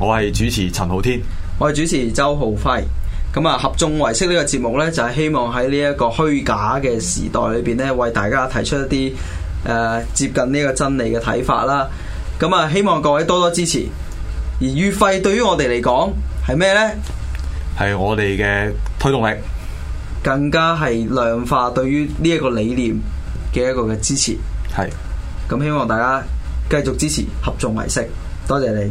我係主持陳浩天，我係主持周浩輝。咁啊，合眾為色呢個節目呢，就係、是、希望喺呢一個虛假嘅時代裏邊呢，為大家提出一啲誒、呃、接近呢個真理嘅睇法啦。咁啊，希望各位多多支持。而月費對於我哋嚟講係咩呢？係我哋嘅推動力，更加係量化對於呢一個理念嘅一個嘅支持。係是，咁希望大家繼續支持合眾為色。多謝你。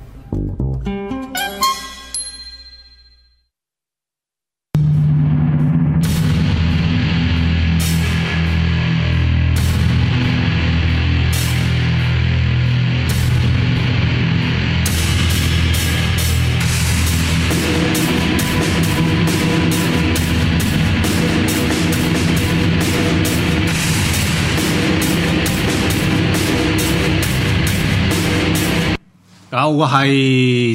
又係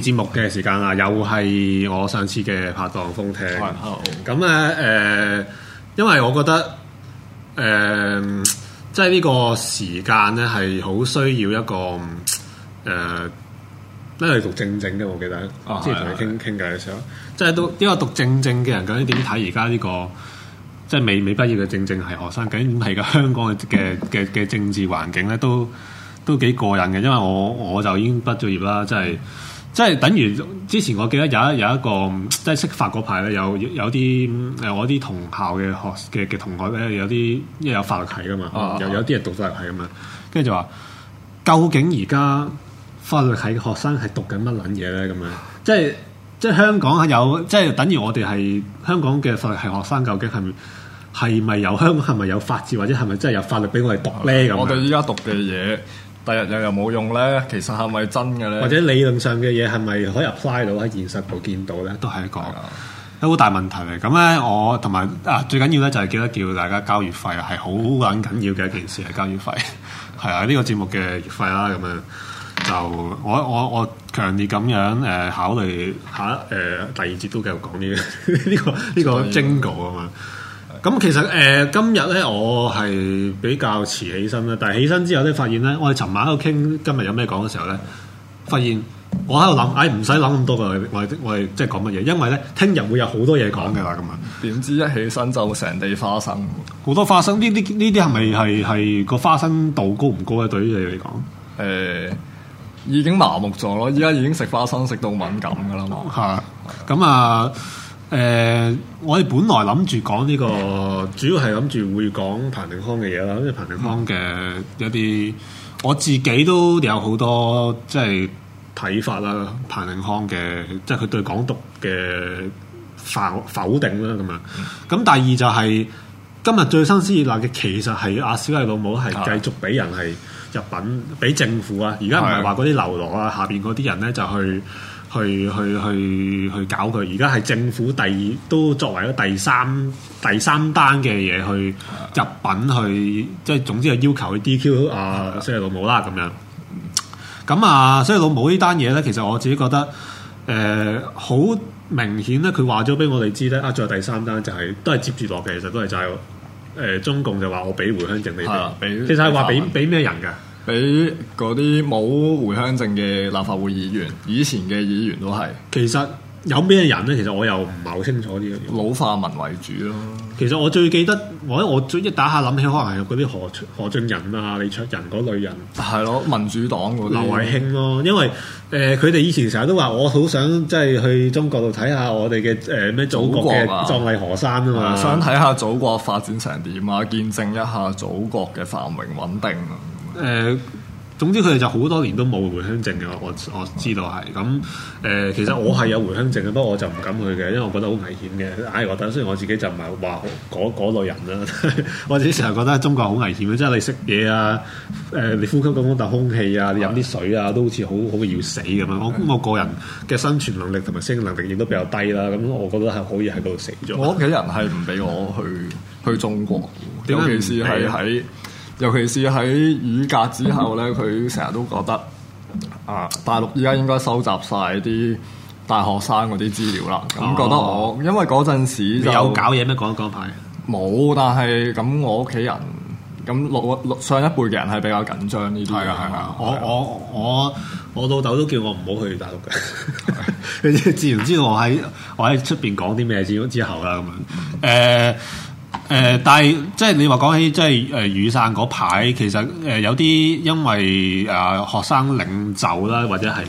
節目嘅時間啦，又係我上次嘅拍檔風聽。係好咁咧，誒、呃，因為我覺得，誒、呃，即係呢個時間咧，係好需要一個誒，咧、呃、係讀正正嘅，我記得，之前同你傾傾偈嘅時候，即係都因為讀正正嘅人究竟點睇而家呢個，即係未未畢業嘅正正係學生，究竟係個香港嘅嘅嘅嘅政治環境咧都。都幾過癮嘅，因為我我就已經畢咗業啦，即係即係等於之前，我記得有一有一個即係識法嗰排咧，有有啲誒，我啲同校嘅學嘅嘅同學咧，有啲因為有法律系噶嘛，啊、有有啲人讀法律系噶嘛，跟住就話，究竟而家法律系學生係讀緊乜撚嘢咧？咁樣即係即係香港有即係等於我哋係香港嘅法律系學生，究竟係係咪有香港係咪有法治，或者係咪真係有法律俾我哋讀咧？咁我哋依家讀嘅嘢。第日又又冇用咧，其實係咪真嘅咧？或者理論上嘅嘢係咪可以 apply 到喺現實度見到咧？都係一個都好大問題嚟。咁咧，我同埋啊，最緊要咧就係記得叫大家交月費啊，係好緊緊要嘅一件事係交月費。係 啊，呢、呢個節目嘅月費啦，咁樣就我我我強烈咁樣誒、呃、考慮下誒、呃、第二節都繼續講呢、 呢個呢、呢個呢個 angle 啊嘛。 咁其實誒、呃、今日咧，我係比較遲起身啦。但係起身之後咧，發現咧，我喺尋晚喺度傾今日有咩講嘅時候咧，發現我喺度諗，唉，唔使諗咁多㗎，我係即係講乜嘢？因為咧，聽日會有好多嘢講㗎啦。咁啊，點知一起身就成地花生，好多花生。呢啲呢啲係咪係係個花生度高唔高咧？對於你嚟講，誒、呃、已經麻木咗咯。依家已經食花生食到敏感噶啦，係啦，咁啊。誒、呃，我哋本來諗住講呢、這個，主要係諗住會講彭定康嘅嘢啦。因為，彭定康嘅有啲，我自己都有好多即係睇法啦。彭定康嘅，即係佢對港獨嘅否否定啦咁樣。咁、嗯、第二就係、是、今日最新鮮熱鬧嘅，其實係阿小麗老母係繼續俾人係入稟，俾的政府啊。而家唔係話嗰啲流羅啊，下邊嗰啲人咧就去。去去去去搞佢，而家係政府第二都作為咗第三第三單嘅嘢去入品稟去，即係總之係要求去 DQ 啊，所以老母啦咁樣。咁啊，所以老母呢單嘢咧，其實我自己覺得，誒、呃、好明顯咧，佢話咗俾我哋知咧啊，仲有第三單就係、係、都係接住落嘅，其實都係債、就係。誒、呃、中共就話我俾回鄉證你哋，其實係話俾俾咩人嘅？俾嗰啲冇回鄉證嘅立法會議員，以前嘅議員都係。其實有咩人咧？其實我又唔係好清楚啲老化民為主咯。其實我最記得，或者我最一打下諗起，可能係嗰啲何何俊仁啊、李卓人嗰類人。係咯，民主黨嘅劉慧卿咯，因為誒佢哋以前成日都話，我好想即係去中國度睇下我哋嘅誒咩祖國嘅壯麗河山啊嘛，想睇下祖國發展成點啊，見證一下祖國嘅繁榮穩定啊。誒、呃，總之佢哋就好多年都冇回鄉證嘅，我我知道係咁。誒、嗯呃，其實我係有回鄉證嘅，不過我就唔敢去嘅，因為我覺得好危險嘅。唉，我等雖然我自己就唔係話嗰嗰類人啦， 我自己成日 覺得中國好危險嘅，即係你食嘢啊，誒、呃，你呼吸咁多啖空氣啊，你飲啲水啊，都好似好好要死咁樣的我。我個人嘅生存能力同埋適應能力亦都比較低啦。咁、嗯、我覺得係可以喺度死咗。我屋企人係唔俾我去 去中國，尤其是係喺。尤其是喺雨革之後咧，佢成日都覺得啊，大陸依家應該收集晒啲大學生嗰啲資料啦。咁覺得我，因為嗰陣時有搞嘢咩？嗰嗰排冇，但係咁我屋企人咁，六六上一輩嘅人係比較緊張呢啲嘢。係啊係啊！我我我我老豆都叫我唔好去大陸嘅。你知唔知道我喺我喺出邊講啲咩之之後啦咁樣。誒、呃。誒、呃，但係即係你話講起即係誒雨傘嗰排，其實誒、呃、有啲因為啊、呃、學生領袖啦，或者係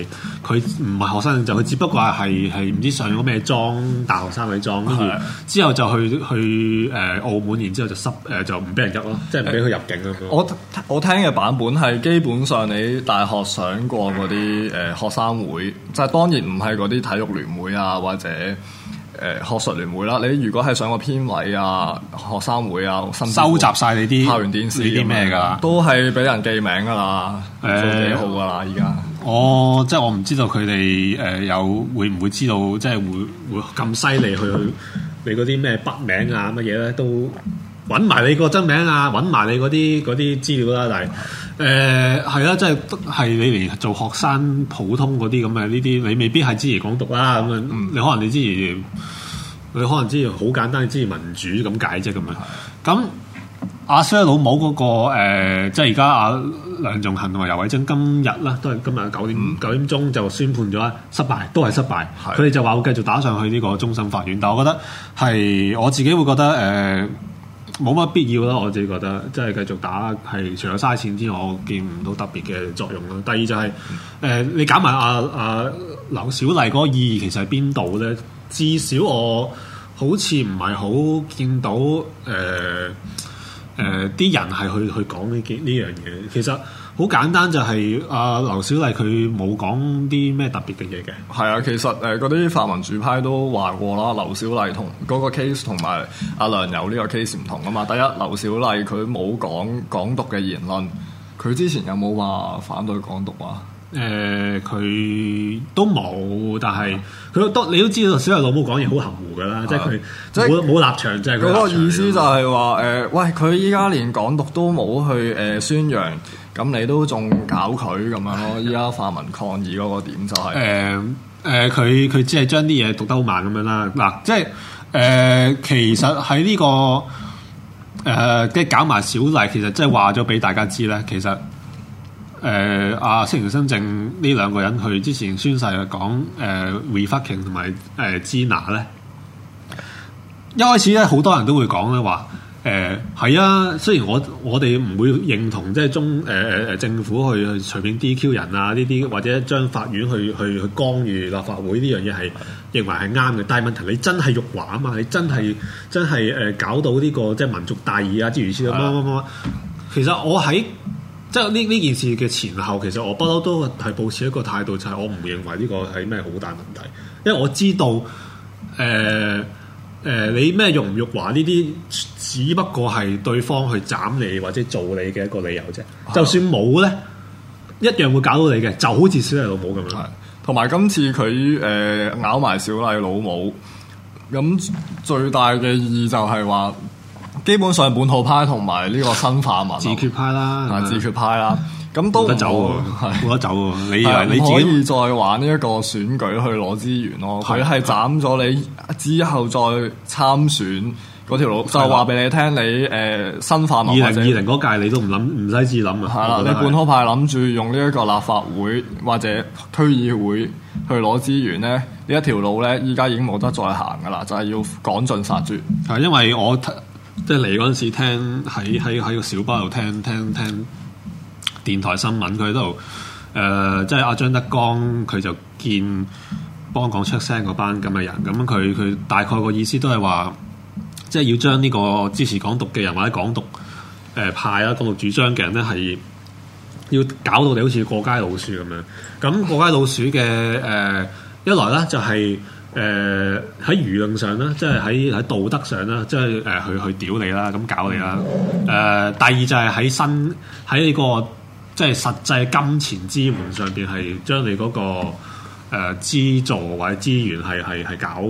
佢唔係學生領袖，佢只不過係係唔知上咗咩裝大學生嗰啲裝，之後就去去誒、呃、澳門，然之後就濕誒、呃、就唔俾人入咯，即係唔俾佢入境咯。我我聽嘅版本係基本上你大學上過嗰啲誒學生會，即係、當然唔係嗰啲體育聯會啊或者。誒學術聯會啦，你如果係上個編委啊、學生會啊，會收集晒你啲校園電視，啲咩噶，都係俾人記名噶啦，呃、做幾好噶啦而家。我即係我唔知道佢哋誒有會唔會知道，即係會會咁犀利去去你嗰啲咩筆名啊乜嘢咧，都揾埋你個真名啊，揾埋你嗰啲嗰啲資料啦、啊，但係。誒係啦，即係係你嚟做學生普通嗰啲咁嘅呢啲，你未必係支持港獨啦、啊。咁、嗯、你可能你支持，你可能支持好簡單支持民主咁解啫。咁樣咁阿 Sir 老母嗰、那個、呃、即係而家阿梁頌恆同埋游蕙禎今日啦，都係今日九點九、嗯、點鐘就宣判咗，失敗都係失敗。佢哋是的 就話會繼續打上去呢個終審法院，但我覺得係我自己會覺得誒。呃呃冇乜必要啦，我自己覺得，即係繼續打係除咗嘥錢之外，我見唔到特別嘅作用咯。第二就係誒，你揀埋阿阿劉小麗嗰個意義其實係邊度咧？至少我好似唔係好見到誒誒啲人係去去講呢件呢樣嘢，其實。好簡單就係、是、阿、呃、劉小麗佢冇講啲咩特別嘅嘢嘅。係啊，其實誒嗰啲泛民主派都話過啦，劉小麗同嗰個 case 同埋阿梁游呢個 case 唔同啊嘛。第一，劉小麗佢冇講港獨嘅言論，佢之前有冇話反對港獨啊？誒、呃，佢都冇，但係佢都你都知道，小麗老母講嘢好含糊㗎喇，啊、即係佢即冇冇立場。即係嗰個意思就係話誒，喂，佢依家連港獨都冇去誒、呃、宣揚。咁你都仲搞佢咁樣咯？依家泛民抗議嗰個點就係誒誒，佢佢、呃呃、只係將啲嘢讀得好慢咁樣啦。嗱，即係誒、呃，其實喺呢、這個誒，即、呃、係搞埋小麗，其實即係話咗俾大家知咧。其實誒，阿、呃、青、啊、年新政呢兩個人，佢之前宣誓講誒 refucking 同埋誒支那咧，一開始咧好多人都會講咧話。誒，係、呃、啊，雖然我我哋唔會認同即係中誒誒誒政府去去隨便 DQ 人啊呢啲，或者將法院去去去干預立法會呢樣嘢係認為係啱嘅，但係問題你真係辱華啊嘛，你真係的真係誒、呃、搞到呢、這個即係民族大義啊之如此咁樣樣。的其實我喺即係呢呢件事嘅前後，其實我不嬲都係保持一個態度，就係我唔認為呢個係咩好大問題，因為我知道誒。呃呃誒、呃、你咩辱唔辱華呢啲，只不過係對方去斬你或者做你嘅一個理由啫。啊、就算冇咧，一樣會搞到你嘅，就好似小麗老母咁樣。同埋今次佢誒、呃、咬埋小麗老母，咁最大嘅意義就係話，基本上本土派同埋呢個新泛民、自決派啦，的自決派啦。 咁都唔得走喎，係唔得走，你以為是你自可以再玩呢一個選舉去攞資源咯？佢係、啊、斬咗你、啊、之後再參選嗰條路就你你，就話俾你聽，你誒、呃、新泛民二零二零嗰屆你都唔諗唔使自諗啊！你本土派諗住用呢一個立法會或者區議會去攞資源咧，呢、啊、一條路咧依家已經冇得再行噶啦，就係、是、要趕盡殺絕。係、啊、因為我即係嚟嗰陣時聽喺喺喺個小巴度聽聽聽。電台新聞佢喺度，誒、呃，即係阿張德江佢就見幫港出聲嗰班咁嘅人，咁佢佢大概個意思都係話，即係要將呢個支持港獨嘅人或者港獨誒、呃、派啊，港獨主張嘅人咧係要搞到你好似過街老鼠咁樣。咁過街老鼠嘅誒、呃，一來咧就係誒喺輿論上咧，即係喺喺道德上咧，即係誒去去屌你啦，咁搞你啦。誒、呃，第二就係喺新喺呢個。即係實際金錢支援上邊，係將你嗰個誒資助或者資源係係係搞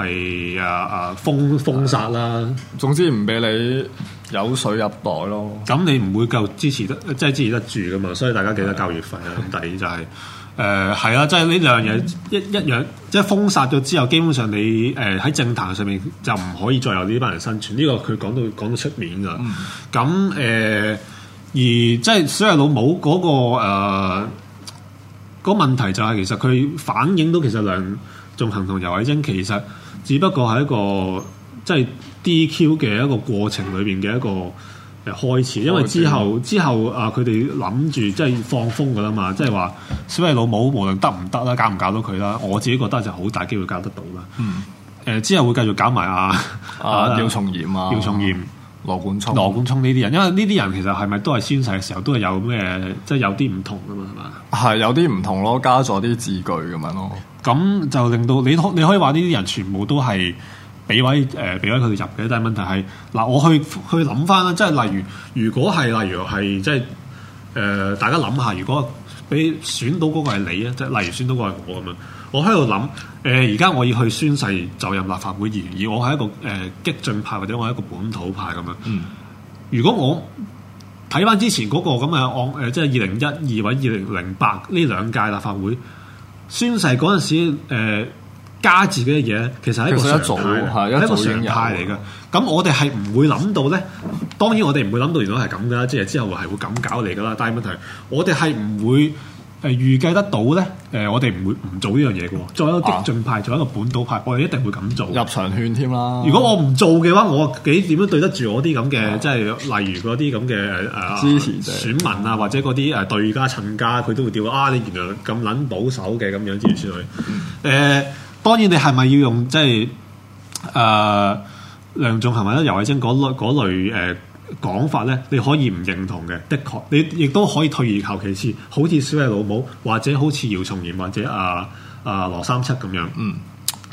係啊啊封封殺啦，啊、總之唔俾你有水入袋咯。咁你唔會夠支持得，即、就、係、是、支持得住噶嘛？所以大家記得交月費、啊、的第二就係誒係啊，即係呢樣嘢一一樣，即係封殺咗之後，基本上你誒喺、呃、政壇上面就唔可以再有呢班人生存。呢、這個佢講到講到出面㗎。咁誒、嗯。而即係、就是、小麗老母嗰、那個誒，個、呃、問題就係其實佢反映到其實梁頌恆同游蕙禎其實只不過係一個即係、就是、DQ 嘅一個過程裏邊嘅一個誒開始，因為之後之後啊，佢哋諗住即係放風噶啦嘛，即係話小麗老母無論得唔得啦，搞唔搞到佢啦，我自己覺得就好大機會搞得到啦。誒、嗯呃，之後會繼續搞埋啊啊，啊，姚松炎啊，啊，姚松炎。嗯羅冠聰，羅冠聰呢啲人，因為呢啲人其實係咪都係宣誓嘅時候都係有咩，即係有啲唔同噶嘛，係嘛？係有啲唔同咯，加咗啲字句咁樣咯。咁就令到你可你可以話呢啲人全部都係俾位誒俾位佢哋入嘅，但係問題係嗱，我去去諗翻啦，即係例如如果係例如係即係誒，大家諗下，如果俾選到嗰個係你啊，即係例如選到個係我咁樣，我喺度諗。誒而家我要去宣誓就任立法會議員，而我係一個誒、呃、激進派或者我係一個本土派咁樣。嗯、如果我睇翻之前嗰、嗰個咁嘅案，誒、嗯呃、即係二零一二或者二零零八呢兩屆立法會宣誓嗰陣時，誒、呃、加字嘅嘢其實係一個常態，係一,一,一個常態嚟嘅。咁我哋係唔會諗到咧。當然我哋唔會諗到原來係咁啦，即係之後係會咁搞嚟㗎啦。但係問題我哋係唔會。誒預計得到咧，誒我哋唔會唔做呢樣嘢嘅，作為一個激進派，作為一個本土派，我哋一定會咁做。入場券添啦！如果我唔做嘅話，我幾點樣對得住我啲咁嘅，即係例如嗰啲咁嘅誒支持者選民啊，或者嗰啲誒對家親家，佢都會掉啊！你原來咁撚保守嘅咁樣之類之類。誒當然你係咪要用即係誒梁頌恆或者游蕙禎嗰類嗰講法咧，你可以唔認同嘅，的確，你亦都可以退而求其次，好似小野老母，或者好似姚松炎，或者阿啊，啊羅三七咁樣。嗯，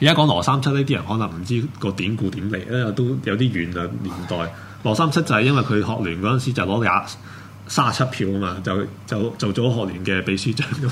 而家講羅三七呢啲人可能唔知個典故點嚟，因為都有啲遠啊年代。的羅三七就係因為佢學聯嗰陣時就攞廿三十七票啊嘛，就就，就，就做咗學聯嘅秘書長咁，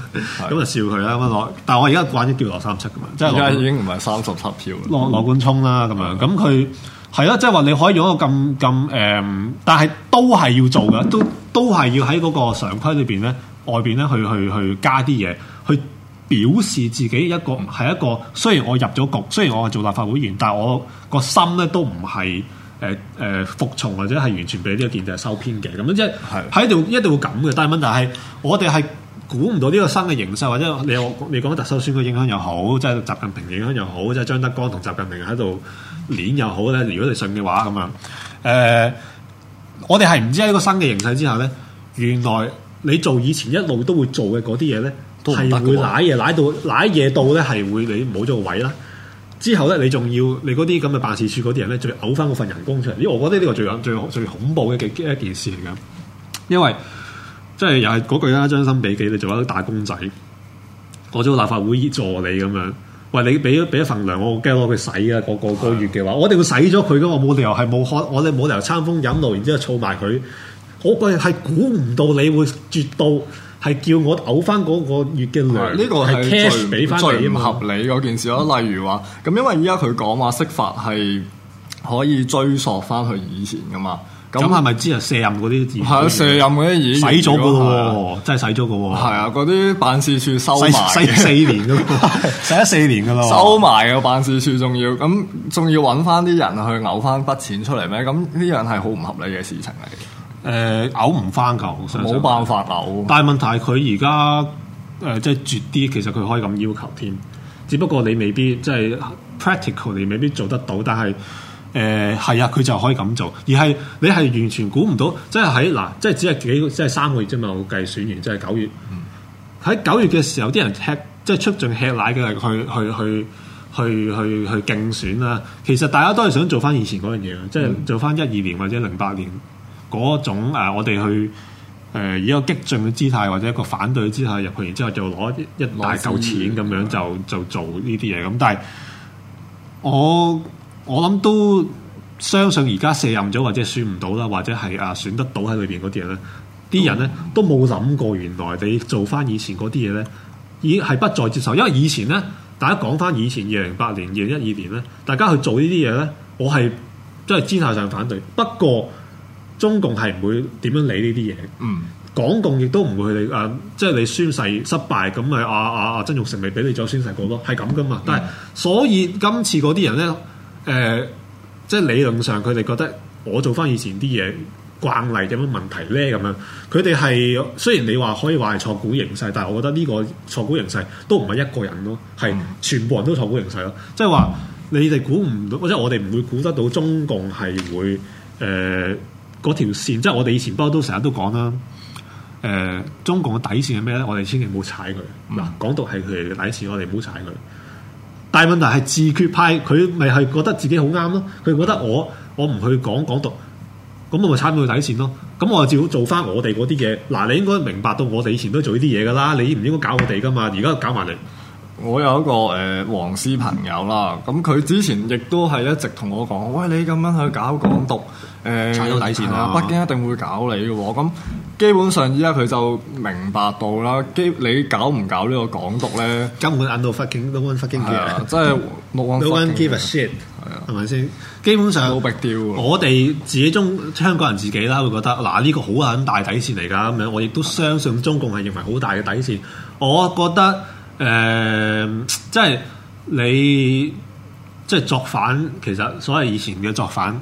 咁 的就笑佢啦咁樣。但係我而家慣咗叫羅三七噶嘛，即係而家已經唔係三十七票。羅羅冠聰啦咁樣，咁佢。嗯係咯，即係話你可以用一個咁咁誒，但係都係要做噶，都都係要喺嗰個常規裏邊咧，外邊咧去去去加啲嘢，去表示自己一個係一個，雖然我入咗局，雖然我係做立法會員，但係我個心咧都唔係誒誒服從或者係完全俾呢個建制收編嘅，咁樣即係喺度一定會咁嘅。但係問題係我哋係估唔到呢個新嘅形勢，或者你我你講緊特首選嘅影響又好，好，即係習近平影響又好，即係張德江同習近平喺度。鏈又好咧，如果你信嘅話咁樣，誒、呃，我哋係唔知喺一個新嘅形勢之下咧，原來你做以前一路都會做嘅嗰啲嘢咧，係會舐嘢舐到舐嘢到咧，係會你冇咗個位啦。之後咧，你仲要你嗰啲咁嘅辦事處嗰啲人咧，仲要嘔翻嗰份人工出嚟。咦，我覺得呢個最恐、最最恐怖嘅一件事嚟噶，因為即係又係嗰句啦，將心比己，你做一個打工仔，我做立法會議助理咁樣。喂，你俾咗俾一份糧，我好驚攞佢洗啊！嗰、嗰個個月嘅話，是的 我哋會洗咗佢噶，我冇理由係冇開，我哋冇理由餐風飲露，然之後儲埋佢。我個人係估唔到你會絕到，係叫我嘔翻嗰個月嘅糧。呢個係 cash 俾翻你最，最唔合理嗰件事咯。嗯、例如話，咁因為依家佢講話釋法係可以追溯翻佢以前噶嘛。咁係咪即係卸任嗰啲字？係卸任嗰啲議員、員洗咗噶咯喎，的真係洗咗噶喎。係啊，嗰啲辦事處收埋， 四年咯，洗咗四年噶咯。收埋個辦事處仲要，咁仲要搵翻啲人去嘔翻筆錢出嚟咩？咁呢樣係好唔合理嘅事情嚟。誒、呃，嘔唔翻夠，冇辦法嘔。但係問題係佢而家誒，即、呃、係、就是、絕啲，其實佢可以咁要求添，只不過你未必即係、就是、practical，你未必做得到，但係。誒係啊，佢、呃、就可以咁做，而係你係完全估唔到，即係喺嗱，即係只係幾即係三個月啫嘛。我計選完即係九月，喺九、嗯、月嘅時候，啲人吃即係出盡吃奶嘅去去去去去去，去，去競選啦。其實大家都係想做翻以前嗰樣嘢嘅，嗯、即係做翻一二年或者零八年嗰種、啊、我哋去、呃、以一個激進嘅姿態或者一個反對嘅姿態入去，然之後就攞一大嚿錢咁樣就就做呢啲嘢咁。但係我。我諗都相信而家卸任咗，或者選唔到啦，或者係啊選得到喺裏邊嗰啲人呢。咧，啲人咧都冇諗過，原來你做翻以前嗰啲嘢咧，已經係不再接受，因為以前咧，大家講翻以前二零零八年、二零一二年咧，大家去做呢啲嘢咧，我係即係姿態上反對，不過中共係唔會點樣理呢啲嘢，嗯，港共亦都唔會理你啊，即係你宣誓失敗咁咪啊啊啊，曾鈺成未俾你再宣誓過咯，係咁噶嘛，嗯、但係所以今次嗰啲人咧。誒、呃，即係理論上，佢哋覺得我做翻以前啲嘢慣例，有乜問題咧？咁樣，佢哋係雖然你話可以話係錯估形勢，但係我覺得呢個錯估形勢都唔係一個人咯，係全部人都錯估形勢咯。即係話你哋估唔到，或者我哋唔會估得到中共係會誒嗰、呃、條線。即係我哋以前不嬲都成日都講啦。誒、呃，中共嘅底線係咩咧？我哋千祈唔好踩佢嗱，港獨係佢哋嘅底線，我哋唔好踩佢。大問題係自決派，佢咪係覺得自己好啱咯？佢覺得我我唔去講港獨，咁我咪踩去底線咯。咁我就照做返我哋嗰啲嘢。嗱，你應該明白到我哋以前都做呢啲嘢㗎啦，你唔應該搞我哋㗎嘛。而家搞埋你。我有一個誒、呃、黃絲朋友啦，咁佢之前亦都係一直同我講：喂，你咁樣去搞港獨，誒踩到底線啦！北京一定會搞你嘅喎。咁、哦、基本上依家佢就明白到啦。基你搞唔搞呢個港獨咧？根本引到北京，都冇北京嘅，即係冇人冇人 give a shit 係啊？係咪先？基本上我哋自己中香港人自己啦，會覺得嗱呢、呢個好很大底線嚟㗎。咁樣我亦都相信中共係認為好大嘅底線。我覺得。誒、呃，即係你即係作反，其實所謂以前嘅作反，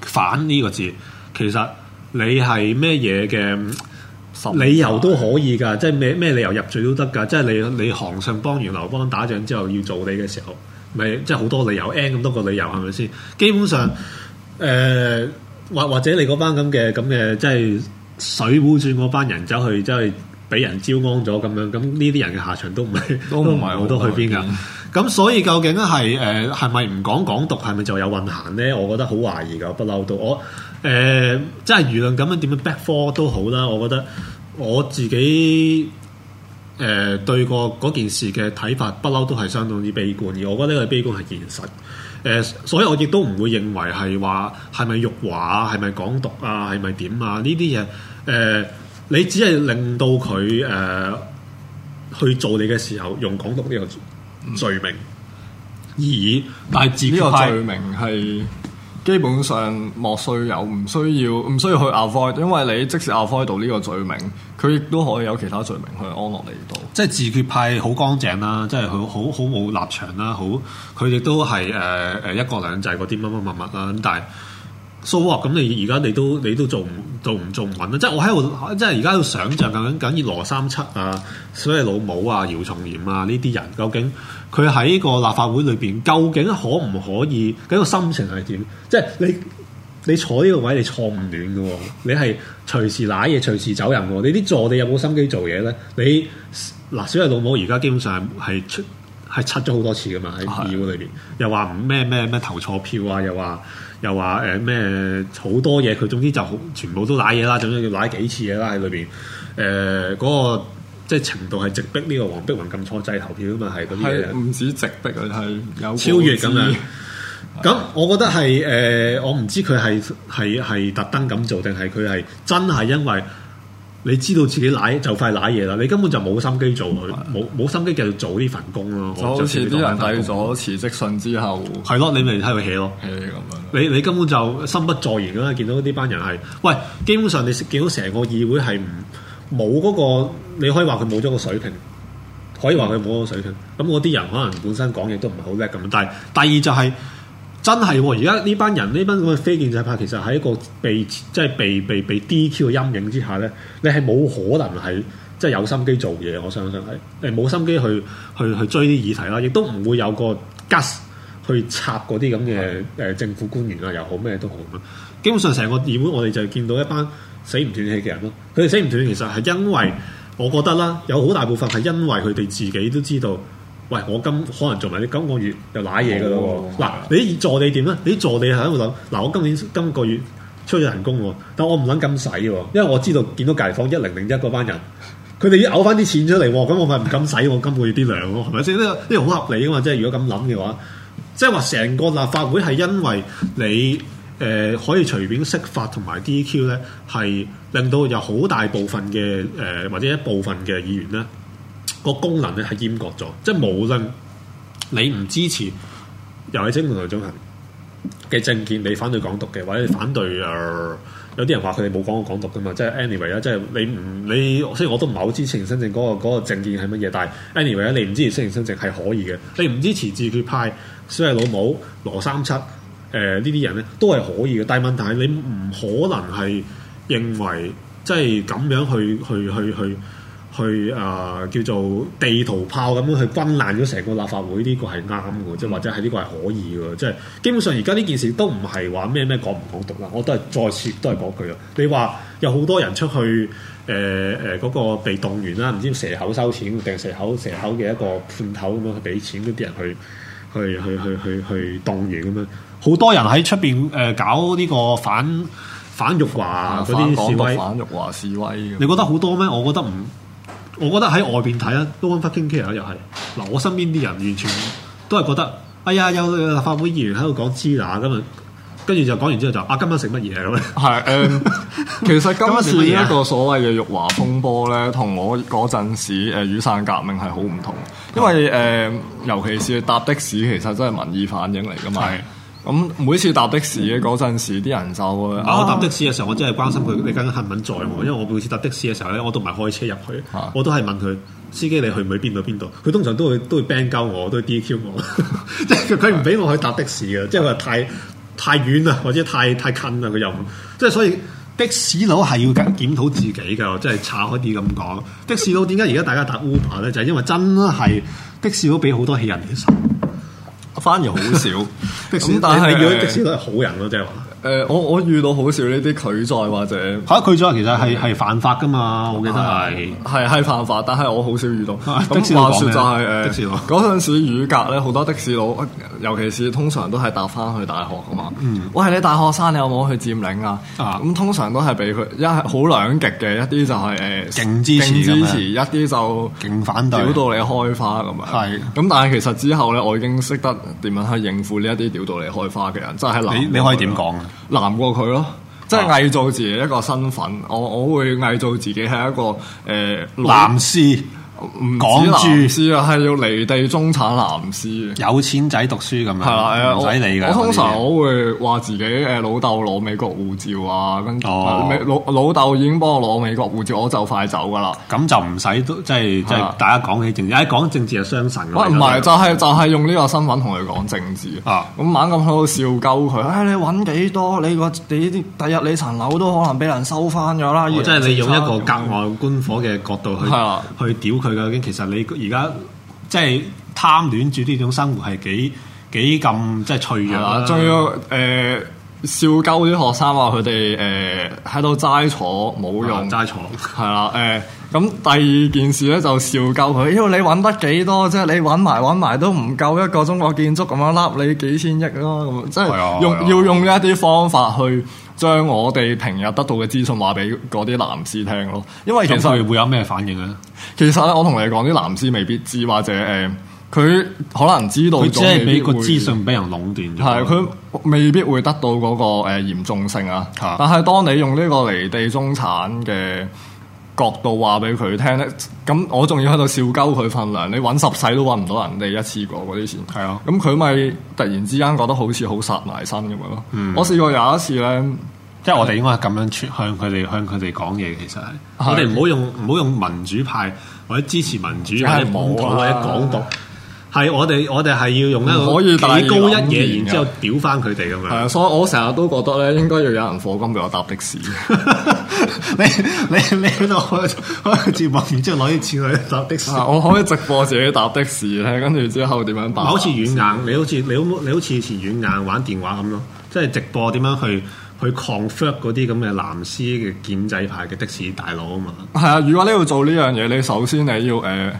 反呢個字，其實你係咩嘢嘅理由都可以㗎，即係咩咩理由入罪都得㗎，即係你你韓信幫完劉邦打仗之後要做你嘅時候，咪即係好多理由 N 咁、嗯、多個理由係咪先？基本上誒，或、呃、或者你嗰班咁嘅咁嘅，即係《水滸傳》嗰班人走去即係。俾人招安咗咁樣，咁呢啲人嘅下場都唔係，都唔係，好多都去邊噶。咁 所以究竟係誒係咪唔講港獨，係咪就有運行咧？我覺得好懷疑噶，不嬲都我誒，即係輿論咁樣點樣 back fall 都好啦。我覺得我自己誒、呃、對個件事嘅睇法，不嬲都係相當之悲觀。而我覺得呢個悲觀係現實。誒、呃，所以我亦都唔會認為係話係咪辱華，係咪港獨啊，係咪點啊？呢啲嘢誒。呃呃你只係令到佢誒、呃、去做你嘅時候用港獨呢個罪名，而、嗯、但係自決派個派罪名係基本上莫須有，唔需要唔需要去 avoid，因為你即使 avoid 到呢個罪名，佢亦都可以有其他罪名去安落你度。即係自決派好乾淨啦、啊，即係佢好好冇立場啦、啊，好佢亦都係誒誒一國兩制嗰啲乜乜乜乜啦。咁，但係。數學，咁你而家你都你都做唔做唔做唔穩啦！即係、嗯、我喺度，即係而家喺度想象緊緊要羅三七啊，小慧老母啊，姚松炎啊呢啲人，究竟佢喺個立法會裏邊，究竟可唔可以？佢個心情係點？嗯、即係你你坐呢個位，你坐唔暖嘅喎，你係隨時瀨嘢，隨時走人、哦。你啲助理有冇心機做嘢咧？你嗱，小慧老母而家基本上係出係出咗好多次嘅嘛，喺議會裏邊又話唔咩咩咩投錯票啊，又話。又話誒咩好多嘢，佢總之就好全部都瀨嘢啦，總之要瀨幾次嘢啦喺裏邊。誒嗰、呃那個即係程度係直逼呢個黃碧雲咁錯制投票啊嘛，係嗰啲嘢。唔止直逼佢，係有超越咁樣。咁的的我覺得係誒、呃，我唔知佢係係係特登咁做，定係佢係真係因為。你知道自己舐就快舐嘢啦，你根本就冇心機做佢，冇冇的心機繼續做呢份工咯。就好似人睇咗辭職信之後，係咯，你咪睇佢起 e 咯。係咁樣，你你根本就心不在焉啦。見到呢班人係，喂，基本上你見到成個議會係唔冇嗰個，你可以話佢冇咗個水平，可以話佢冇咗個水平。咁我啲人可能本身講嘢都唔係好叻咁，但係第二就係、是。真係喎！而家呢班人呢班咁嘅非建制派，其實喺一個被即係、就是、被被被 DQ 嘅陰影之下咧，你係冇可能係即係有心機做嘢，我相信係誒冇心機去去去，去追啲議題啦，亦都唔會有個 gas 去插嗰啲咁嘅誒政府官員啊又好咩都好啦。基本上成個議會，我哋就見到一班死唔斷氣嘅人咯。佢哋死唔斷氣，其實係因為我覺得啦，有好大部分係因為佢哋自己都知道。喂，我今可能做埋啲今個月又攋嘢嘅咯喎。嗱、啊，你助理點咧？你助理喺度諗，嗱，我今年今個月出咗人工，但我唔諗咁使喎，因為我知道見到界方一零零一嗰班人，佢哋要嘔翻啲錢出嚟，咁我咪唔敢使喎，今個月啲糧咯，係咪先？呢呢個好合理啊嘛，即係如果咁諗嘅話，即係話成個立法會係因為你誒可以隨便釋法同埋 DQ 咧，係令到有好大部分嘅誒或者一部分嘅議員咧，個功能咧係閹割咗，即係無論你唔支持游蕙禎同梁頌恆嘅政見，你反對港獨嘅，或者你反對誒、呃、有啲人話佢哋冇講過港獨㗎嘛？即係 anyway 啊，即係你唔你，雖然我都唔係好支持青年新政嗰、那個嗰、那個政見係乜嘢，但係 anyway 啊，你唔支持青年新政係可以嘅，你唔支持自決派，所謂老母羅三七誒呢啲人咧都係可以嘅，但係問題係你唔可能係認為即係咁樣去去去去。去去去啊，叫做地圖炮咁樣去轟爛咗成個立法會，呢個係啱嘅，即或者係呢個係可以嘅，即係基本上而家呢件事都唔係話咩咩講唔講得啦，我都係再次都係講句咯。你話有好多人出去誒誒嗰個被動員啦，唔知蛇口收錢定蛇口蛇口嘅一個判頭咁樣去俾錢嗰啲人去去去去去去動員咁樣，好多人喺出邊誒搞呢個反反辱華嗰啲示威，反辱華示威。你覺得好多咩？我覺得唔。我覺得喺外邊睇啦，都 no fucking care 又係嗱，我身邊啲人完全都係覺得，哎呀，有立法會議員喺度講支那咁啊，跟住就講完之後就啊，今晚食乜嘢咁啊？係誒，呃、 其實今次呢一個所謂嘅辱華風波咧，同我嗰陣時雨傘革命係好唔同，因為誒、呃，尤其是搭的士，其實真係民意反應嚟噶嘛。嗯咁每次搭的士嘅嗰陣時，啲人就啊，啊我搭的士嘅時候，我真係關心佢你跟緊肯唔肯載我，因為我每次搭的士嘅時候咧，我都唔係開車入去，啊、我都係問佢司機你去唔去邊度邊度，佢通常都會都會 ban 鳩我，都 DQ 我，即係佢唔俾我去搭的士嘅，即係話太太遠啊，或者太太近啊，佢又即係所以的士佬係要檢討自己㗎，即係差開啲咁講。的士佬點解而家大家搭 Uber 咧，就係、是、因為真係的，的士佬俾好多氣人啲心。反而好少，但係，如果的士都係好人咯，啊，即係話。誒，我我遇到好少呢啲拒載或者嚇拒載，其實係係犯法噶嘛，我記得係係係犯法，但係我好少遇到。的士話說就係誒，的士佬嗰陣時，雨革咧好多的士佬，尤其是通常都係搭翻去大學噶嘛。喂，你大學生，你有冇去佔領啊？咁通常都係俾佢一係好兩極嘅，一啲就係誒勁支持，一啲就勁反對，屌到你開花咁啊！咁但係其實之後咧，我已經識得點樣去應付呢一啲屌到你開花嘅人，即係你你可以點講啊？難過佢咯，即係偽造自己一個身份，我我會偽造自己係一個誒、呃、男士。唔講住，是啊，係要離地中產男士，有錢仔讀書咁樣，係啦，唔使理嘅。我通常我會話自己誒老豆攞美國護照啊，跟老老豆已經幫我攞美國護照，我就快走噶啦。咁就唔使即係即係大家講起政治，一講政治就傷神。喂，唔係就係就係用呢個身份同佢講政治啊！咁猛咁喺度笑鳩佢，誒你揾幾多？你個啲啲第日你層樓都可能俾人收翻咗啦！我即係你用一個隔岸觀火嘅角度去去屌，佢嘅，其實你而家即係貪戀住呢種生活係幾幾咁即係脆弱啊！仲要誒笑鳩啲學生話佢哋誒喺度齋坐冇用齋坐係啦誒，咁、呃、第二件事咧就笑鳩佢，因為你搵得幾多啫？即係你搵埋搵埋都唔夠一個中國建築咁樣笠你幾千億咯，咁即係用要用一啲方法去。將我哋平日得到嘅資訊話俾嗰啲男士聽咯，因為其實會有咩反應咧？其實咧，我同你講啲男士未必知，或者誒，佢、呃、可能知道，即只係俾個資訊俾人壟斷。係，佢未必會得到嗰、那個誒、呃、嚴重性啊。的但係，當你用呢個離地中產嘅。角度話俾佢聽咧，咁我仲要喺度笑鳩佢份糧，你揾十世都揾唔到人哋一次過嗰啲錢。係啊，咁佢咪突然之間覺得好似好殺埋身咁樣咯。嗯、我試過有一次咧，即係我哋應該係咁樣向佢哋的向佢哋講嘢，其實係的我哋唔好用唔好用民主派或者支持民主、啊、或者港獨或者港獨。係我哋，我哋係要用一個比高一嘢，然之後屌翻佢哋咁樣。係啊，所以我成日都覺得咧，應該要有人課金俾我搭的士。 你你你喺度開開個節目，然之後攞啲錢去搭的士。 我可以直播自己搭的士咧，跟住之後點樣搭？好似軟硬，你好似你好你好似以前軟硬玩電話咁咯，即係直播點樣去去 conflict 嗰啲咁嘅藍絲嘅建制派嘅的，的士大佬啊嘛。係啊，如果你要做呢樣嘢，你首先你要誒。呃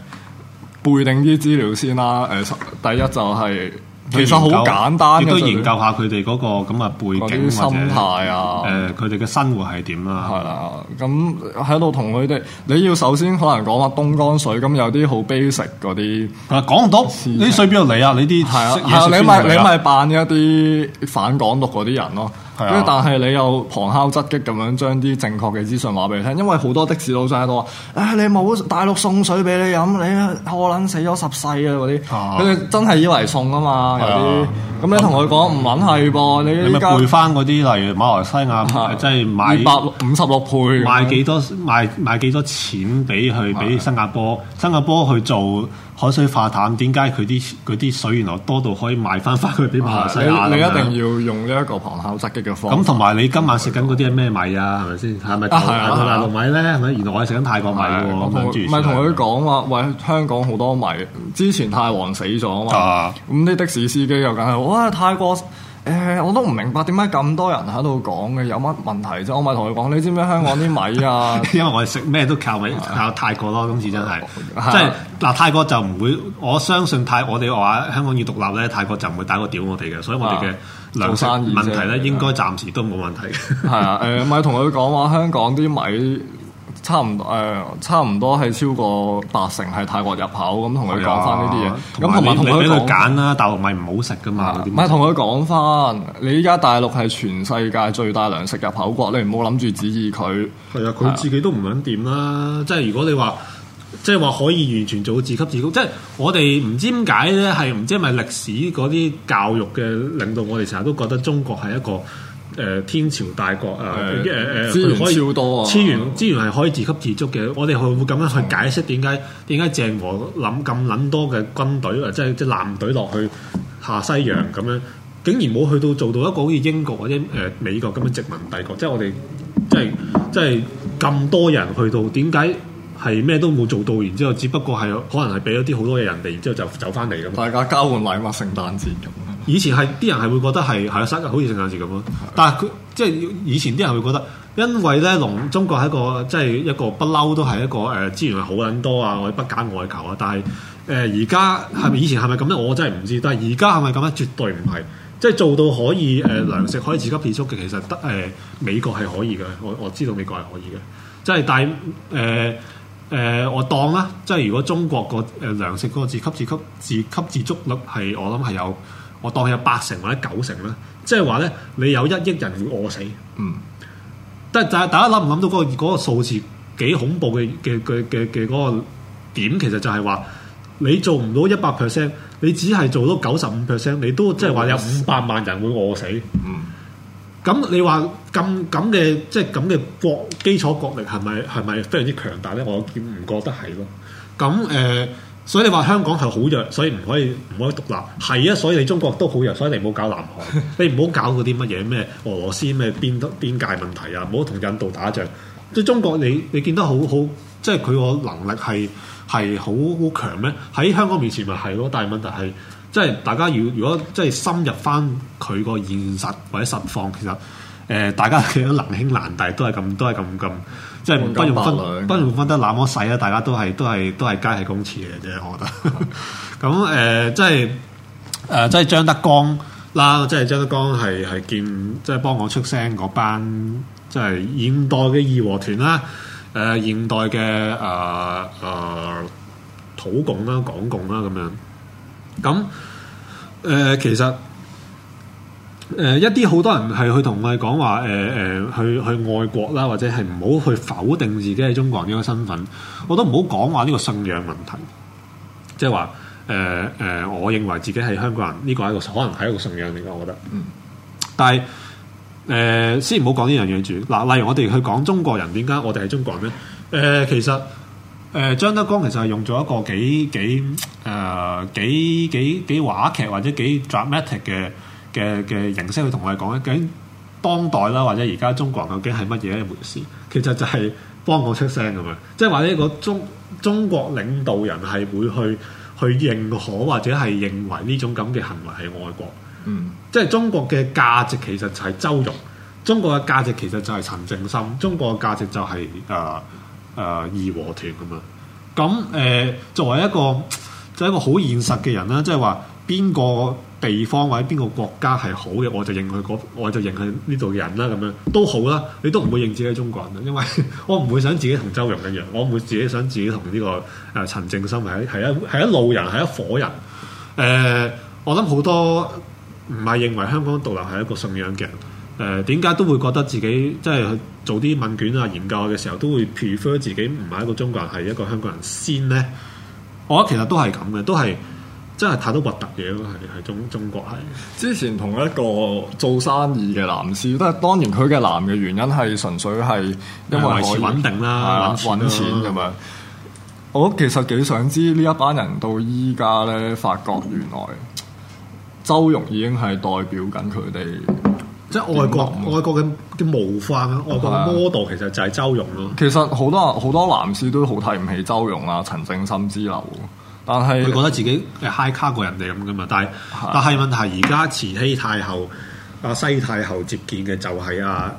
背定啲資料先啦，誒、呃，第一就係、是、其實好簡單，研都研究下佢哋嗰個咁啊背景心態啊，誒，佢哋嘅生活係點啦，係啦、啊，咁喺度同佢哋，你要首先可能講話東江水，咁有啲好 basic 嗰啲，啊，港獨，啲水邊度嚟啊？呢啲係啊，你咪、啊啊、你咪扮一啲反港獨嗰啲人咯。啊、但係你又旁敲側擊咁樣將啲正確嘅資訊話俾佢聽，因為好多的士佬老喺度話：，唉、哎，你冇大陸送水俾你飲，你可能死咗十世啊！嗰啲，佢哋、啊、真係以為送啊嘛，啲咁、啊、你同佢講唔穩係噃，你依家背翻嗰啲，例如馬來西亞即係、啊、買百五十六倍賣幾多賣賣幾多錢俾佢俾新加坡新加坡去做。海水化淡點解佢啲佢啲水原來多到可以賣翻翻去俾馬來西亞食？你你一定要用呢一個旁敲側擊嘅方法。咁同埋你今晚食緊嗰啲係咩米啊？係咪先係咪泰國米咧？係咪原來我食緊泰國米喎？唔係同佢講話，啊、喂，香港好多米，之前泰皇死咗啊嘛。咁啲、啊、的士司機又梗係哇泰國。誒、欸，我都唔明白點解咁多人喺度講嘅，有乜問題啫？我咪同佢講，你知唔知香港啲米啊？ 因為我哋食咩都靠米， 靠泰國咯。今次真係， 嗯、即係嗱，泰國就唔會，我相信泰，我哋話香港要獨立咧，泰國就唔會打個屌我哋嘅。所以我哋嘅糧食問題咧，應該暫時都冇問題、 嗯。係啊，誒、 嗯，咪同佢講話香港啲米。差唔多、呃，差唔多係超過八成係泰國入口咁，同佢講翻呢啲嘢。咁同埋同佢俾佢揀啦，大陸咪唔好食噶嘛？唔係同佢講翻，你依家大陸係全世界最大糧食入口國，你唔好諗住指意佢。係啊，佢、啊、自己都唔揾掂啦。啊、即係如果你話，即係話可以完全做到自給自足，即係我哋唔知點解咧，係唔知係咪歷史嗰啲教育嘅令到我哋成日都覺得中國係一個。誒、呃、天朝大國啊，誒資源超多啊，資源資源係可以自給自足嘅。我哋去會咁樣去解釋點解點解鄭和攬咁撚多嘅軍隊啊，即係即係艦隊落去下西洋咁樣，竟然冇去到做到一個好似英國或者誒美國咁嘅殖民帝國，即係我哋即係即係咁多人去到，點解？係咩都冇做到，然之後只不過係可能係俾咗啲好多嘢人哋，然之後就走翻嚟咁。大家交換禮物，聖誕節咁。嗯、以前係啲人係會覺得係係啊，好似聖誕節咁咯。的但係佢即係以前啲人會覺得，因為咧，龍中國係一個即係一個不嬲都係一個誒資源係好撚多啊，我哋不假外求啊。但係誒而家係咪以前係咪咁咧？我真係唔知。但係而家係咪咁咧？絕對唔係。即係做到可以誒糧、嗯呃、食可以自給自足嘅，其實得誒、呃、美國係可以嘅。我我，我知道美國係可以嘅，即係但係誒。誒、呃、我當啦，即係如果中國個誒、呃、糧食嗰個自給自給自，自給自足率係我諗係有，我當係有八成或者九成啦。即係話咧，你有一億人會餓死，嗯，但。但係大家諗唔諗到嗰、嗰個嗰、嗰個、數字幾恐怖嘅嘅嘅嘅嘅嗰個點？其實就係話你做唔到一百 percent，你只係做到九十五 percent，你都、嗯、即係話有五百萬人會餓死，嗯。咁你話咁咁嘅即係咁嘅國基礎國力係咪係咪非常之強大咧？我見唔覺得係咯。咁誒、呃，所以你話香港係好弱，所以唔可以唔可以獨立？係啊，所以你中國都好弱，所以你唔好搞南海，你唔好搞嗰啲乜嘢咩俄羅斯咩邊邊界問題啊，唔好同印度打仗。即係中國你，你你見得好好，即係佢個能力係係好好強咩？喺香港面前咪係咯，但係問題係。即係大家要如果即係深入翻佢個現實或者實況，其實誒大家見到難兄難弟都係咁都係咁咁，即係不用分不用分得那麼細啊！大家都係都係都係街市公廁嘅啫，我覺得。咁誒是的、 嗯呃、即係誒、呃、即係張德江啦，即係張德江係係見即係、就是、幫我出聲嗰班，即、就、係、是、現代嘅義和團啦，誒、呃、現代嘅誒誒土共啦、啊、港共啦咁、啊、樣。咁誒、呃，其實誒、呃，一啲好多人係去同我哋講話，誒、呃、誒、呃，去去愛國啦，或者係唔好去否定自己係中國人呢個身份，我都唔好講話呢個信仰問題，即係話誒誒，我認為自己係香港人呢、這個係一個可能係一個信仰嚟噶，我覺得，嗯、但係誒、呃，先唔好講呢樣嘢住。嗱，例如我哋去講中國人點解我哋係中國人咧？誒、呃，其實。誒、呃、張德江其實係用咗一個幾幾誒、呃、幾幾幾話劇或者幾 dramatic 嘅嘅嘅形式去同我哋講，究竟當代啦，或者而家中國究竟係乜嘢一回事？其實就係幫我出聲咁樣，即係話呢個中中國領導人係會去去認可或者係認為呢種咁嘅行為係外國，嗯，即係中國嘅價值其實就係周融，中國嘅價值其實就係陳淨心，中國嘅價，價值就係、是、誒。呃誒、呃、義和團咁啊！咁誒、呃、作為一個就一個好現實嘅人啦，即係話邊個地方或者邊個國家係好嘅，我就認佢，我就認佢呢度嘅人啦咁樣都好啦。你都唔會認自己係中國人，因為 我唔會想自己同周融一樣，我唔會自己想自己同呢、這個誒、呃、陳正心係係一係一路人係一伙人。誒、呃，我諗好多唔係認為香港獨立係一個信仰嘅人。誒，點解都會覺得自己即係做啲問卷啊、研究嘅時候都會 prefer 自己唔係一個中國人，係一個香港人先呢？我覺得其實都係咁嘅，都係真係太多核突嘢咯。係係中中國係之前同一個做生意嘅男士，都係當然佢嘅男嘅原因係純粹係因為維持、啊、穩定啦，揾、啊、錢咁啊！我其實幾想知呢一班人到依家呢，發覺原來周融已經係代表緊佢哋。即係外國外國嘅啲模範、啊，外國 model 其實就係周融咯。其實好多好多男士都好睇唔起周融啊、陳正心之流，但係佢覺得自己係 high 卡過人哋咁噶嘛。但係但係問題係而家慈禧太后啊、西太后接見嘅就係阿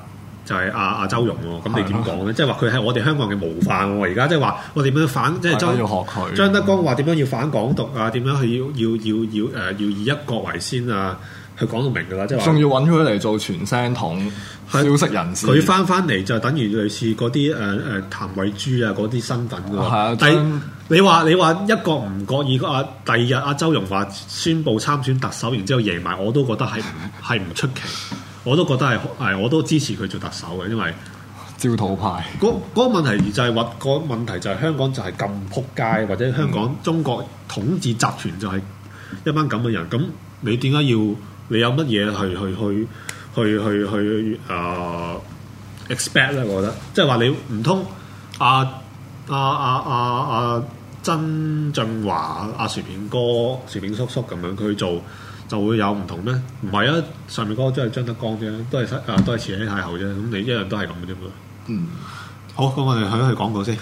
就係阿阿周融咯。咁你點講咧？即係話佢係我哋香港嘅模範喎。而家即係話我哋點樣反即係周融學佢？張德江話點樣要反港獨啊？點樣去要要要要誒要以一國為先啊？佢講到明㗎啦，即係仲要揾佢嚟做傳聲筒、是消息人士。佢翻翻嚟就等於類似嗰啲誒誒譚慧珠啊嗰啲身份㗎。係啊，啊第將你話你話一個唔覺意啊，第二日阿、啊、周容話宣布參選特首，然之後夜晚我都覺得係唔係唔出奇，我都覺得係係嗎我，我都支持佢做特首嘅，因為照土派。嗰嗰、嗰個問題就係、是、話，那個問題就係、是那個、香港就係咁撲街，或者香港，嗯、者香港中國統治集團就係一班咁嘅人，咁你點解要？你有乜嘢係去去去去去去啊 expect 咧？我覺得即係話你唔通阿阿阿阿阿曾俊華、阿、啊、薯片哥、薯片叔叔咁樣去做，就會有唔同咩？唔係啊！上面嗰個真係張德江啫，都係太啊，都係慈禧太后啫。咁你一樣都係咁嘅啫嘛。嗯，好，咁我哋去一去廣告先。